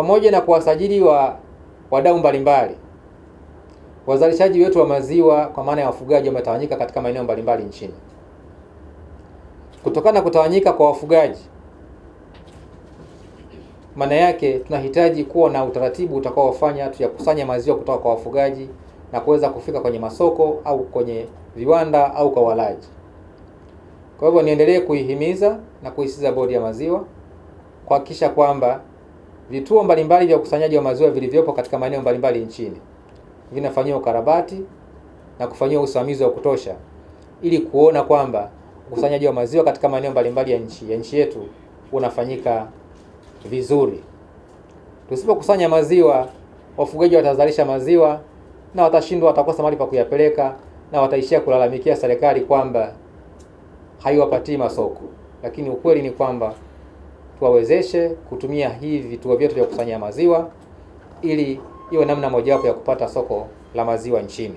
pamoja na kuwasajili wa wadau mbalimbali wazalishaji wetu wa maziwa kwa maana ya wafugaji wametawanyika katika maeneo mbalimbali nchini. Kutokana na kutawanyika kwa wafugaji, maana yake tunahitaji kuwa na utaratibu utakaofanya tuyakusanya maziwa kutoka kwa wafugaji na kuweza kufika kwenye masoko au kwenye viwanda au kwa walaji. Kwa hivyo niendelee kuihimiza na kuisiza Bodi ya Maziwa kuhakikisha kwamba Vituo mbalimbali vya ukusanyaji wa maziwa vilivyopo katika maeneo mbalimbali nchini vinafanyiwa ukarabati na kufanyiwa usimamizi wa kutosha ili kuona kwamba ukusanyaji wa maziwa katika maeneo mbalimbali ya nchi ya nchi yetu unafanyika vizuri. Tusipokusanya maziwa, wafugaji watazalisha maziwa na watashindwa, watakosa mahali pa kuyapeleka na wataishia kulalamikia serikali kwamba haiwapatii masoko, lakini ukweli ni kwamba tuwawezeshe kutumia hivi vituo vyetu vya kukusanyia maziwa ili iwe namna mojawapo ya kupata soko la maziwa nchini.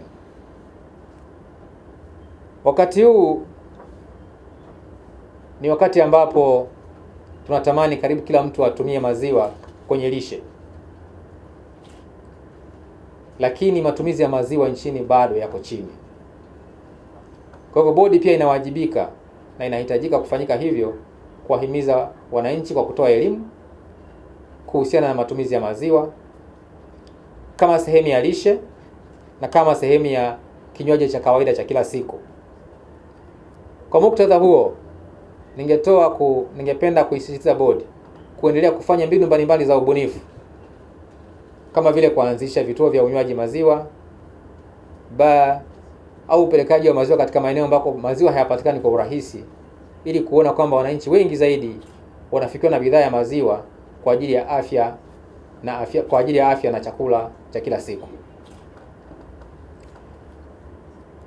Wakati huu ni wakati ambapo tunatamani karibu kila mtu atumie maziwa kwenye lishe, lakini matumizi ya maziwa nchini bado yako chini. Kwa hivyo, bodi pia inawajibika na inahitajika kufanyika hivyo kuwahimiza wananchi kwa kutoa elimu kuhusiana na matumizi ya maziwa kama sehemu ya lishe na kama sehemu ya kinywaji cha kawaida cha kila siku. Kwa muktadha huo, ningetoa ku, ningependa kuisisitiza bodi kuendelea kufanya mbinu mbalimbali za ubunifu kama vile kuanzisha vituo vya unywaji maziwa, ba au upelekaji wa maziwa katika maeneo ambako maziwa hayapatikani kwa urahisi ili kuona kwamba wananchi wengi zaidi wanafikiwa na bidhaa ya maziwa kwa ajili ya afya na afya, kwa ajili ya afya na chakula cha kila siku.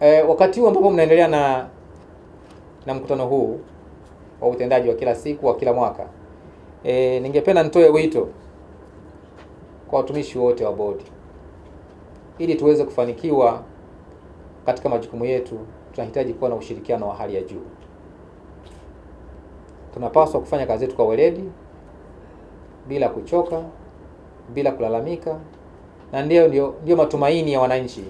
E, wakati huu ambapo mnaendelea na na mkutano huu wa utendaji wa kila siku wa kila mwaka e, ningependa nitoe wito kwa watumishi wote wa bodi ili tuweze kufanikiwa katika majukumu yetu, tunahitaji kuwa na ushirikiano wa hali ya juu. Tunapaswa kufanya kazi yetu kwa weledi, bila kuchoka, bila kulalamika, na ndio ndio ndio matumaini ya wananchi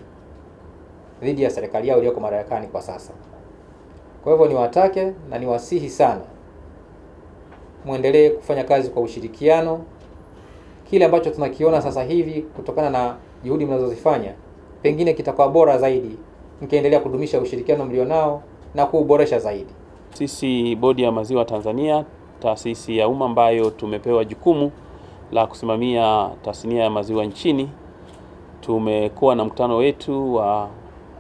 dhidi ya serikali yao iliyoko madarakani kwa sasa. Kwa hivyo niwatake na niwasihi sana mwendelee kufanya kazi kwa ushirikiano. Kile ambacho tunakiona sasa hivi kutokana na juhudi mnazozifanya, pengine kitakuwa bora zaidi mkiendelea kudumisha ushirikiano mlionao na kuuboresha zaidi. Sisi Bodi ya Maziwa Tanzania, taasisi ya umma ambayo tumepewa jukumu la kusimamia tasnia ya maziwa nchini, tumekuwa na mkutano wetu wa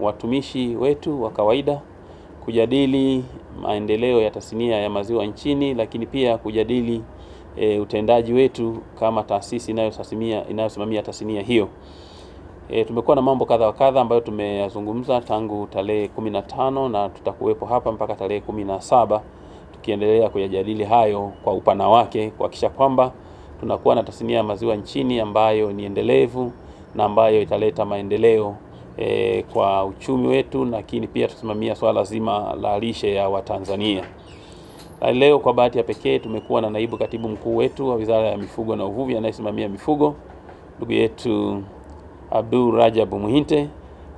watumishi wetu wa kawaida kujadili maendeleo ya tasnia ya maziwa nchini, lakini pia kujadili e, utendaji wetu kama taasisi inayosimamia tasnia hiyo. E, tumekuwa na mambo kadha wa kadha ambayo tumeyazungumza tangu tarehe kumi na tano na tutakuwepo hapa mpaka tarehe kumi na saba tukiendelea kuyajadili hayo kwa upana wake kuhakikisha kwamba tunakuwa na tasnia ya maziwa nchini ambayo ni endelevu na ambayo italeta maendeleo e, kwa uchumi wetu, lakini pia tusimamia swala zima la lishe ya Watanzania. Leo kwa bahati ya pekee tumekuwa na naibu katibu mkuu wetu wa Wizara ya Mifugo na Uvuvi anayesimamia mifugo ndugu yetu Abdul Rajabu Muhinte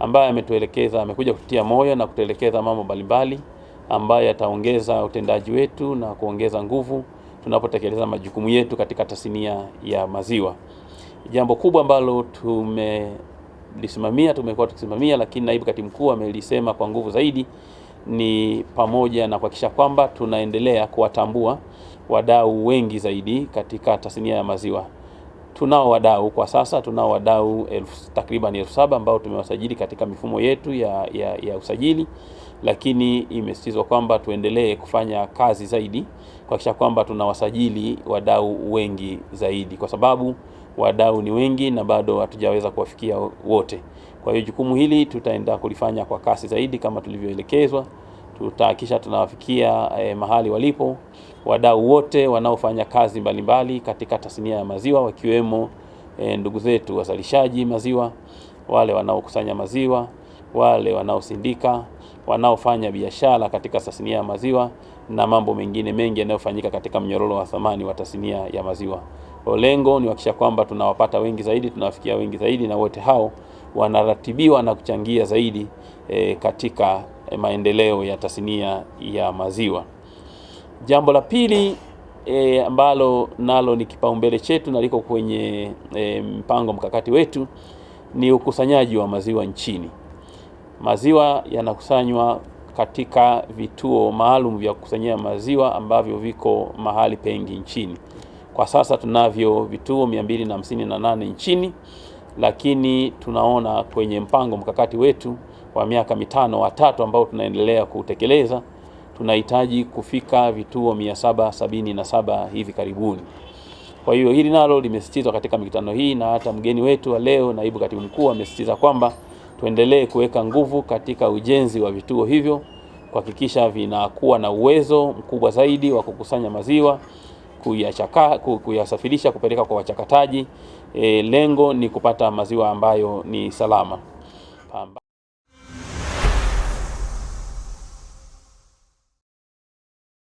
ambaye ametuelekeza, amekuja kutia moyo na kutuelekeza mambo mbalimbali ambayo yataongeza utendaji wetu na kuongeza nguvu tunapotekeleza majukumu yetu katika tasnia ya maziwa. Jambo kubwa ambalo tumelisimamia, tumekuwa tukisimamia, lakini naibu katibu mkuu amelisema kwa nguvu zaidi, ni pamoja na kuhakikisha kwamba tunaendelea kuwatambua wadau wengi zaidi katika tasnia ya maziwa. Tunao wadau kwa sasa, tunao wadau takriban elfu saba ambao tumewasajili katika mifumo yetu ya, ya, ya usajili, lakini imesisitizwa kwamba tuendelee kufanya kazi zaidi kuhakikisha kwamba tunawasajili wadau wengi zaidi, kwa sababu wadau ni wengi na bado hatujaweza kuwafikia wote. Kwa hiyo jukumu hili tutaenda kulifanya kwa kasi zaidi kama tulivyoelekezwa tutahakisha tunawafikia eh, mahali walipo wadau wote wanaofanya kazi mbalimbali mbali katika tasnia ya maziwa wakiwemo eh, ndugu zetu wazalishaji maziwa, wale wanaokusanya maziwa, wale wanaosindika, wanaofanya biashara katika tasnia ya maziwa na mambo mengine mengi yanayofanyika katika mnyororo wa thamani wa tasnia ya maziwa. Lengo ni kuhakikisha kwamba tunawapata wengi zaidi, tunawafikia wengi zaidi, na wote hao wanaratibiwa na kuchangia zaidi e, katika Eh, maendeleo ya tasnia ya maziwa. Jambo la pili e, ambalo nalo ni kipaumbele chetu na liko kwenye e, mpango mkakati wetu ni ukusanyaji wa maziwa nchini. Maziwa yanakusanywa katika vituo maalum vya kukusanyia maziwa ambavyo viko mahali pengi nchini. Kwa sasa tunavyo vituo 258 nchini, lakini tunaona kwenye mpango mkakati wetu kwa miaka mitano watatu ambao tunaendelea kutekeleza, tunahitaji kufika vituo 777 hivi karibuni. Kwa hiyo hili nalo limesisitizwa katika mikutano hii, na hata mgeni wetu wa leo, naibu katibu mkuu, amesisitiza kwamba tuendelee kuweka nguvu katika ujenzi wa vituo hivyo kuhakikisha vinakuwa na uwezo mkubwa zaidi wa kukusanya maziwa kuyachaka, kuyasafirisha kupeleka kwa wachakataji. E, lengo ni kupata maziwa ambayo ni salama Pamba.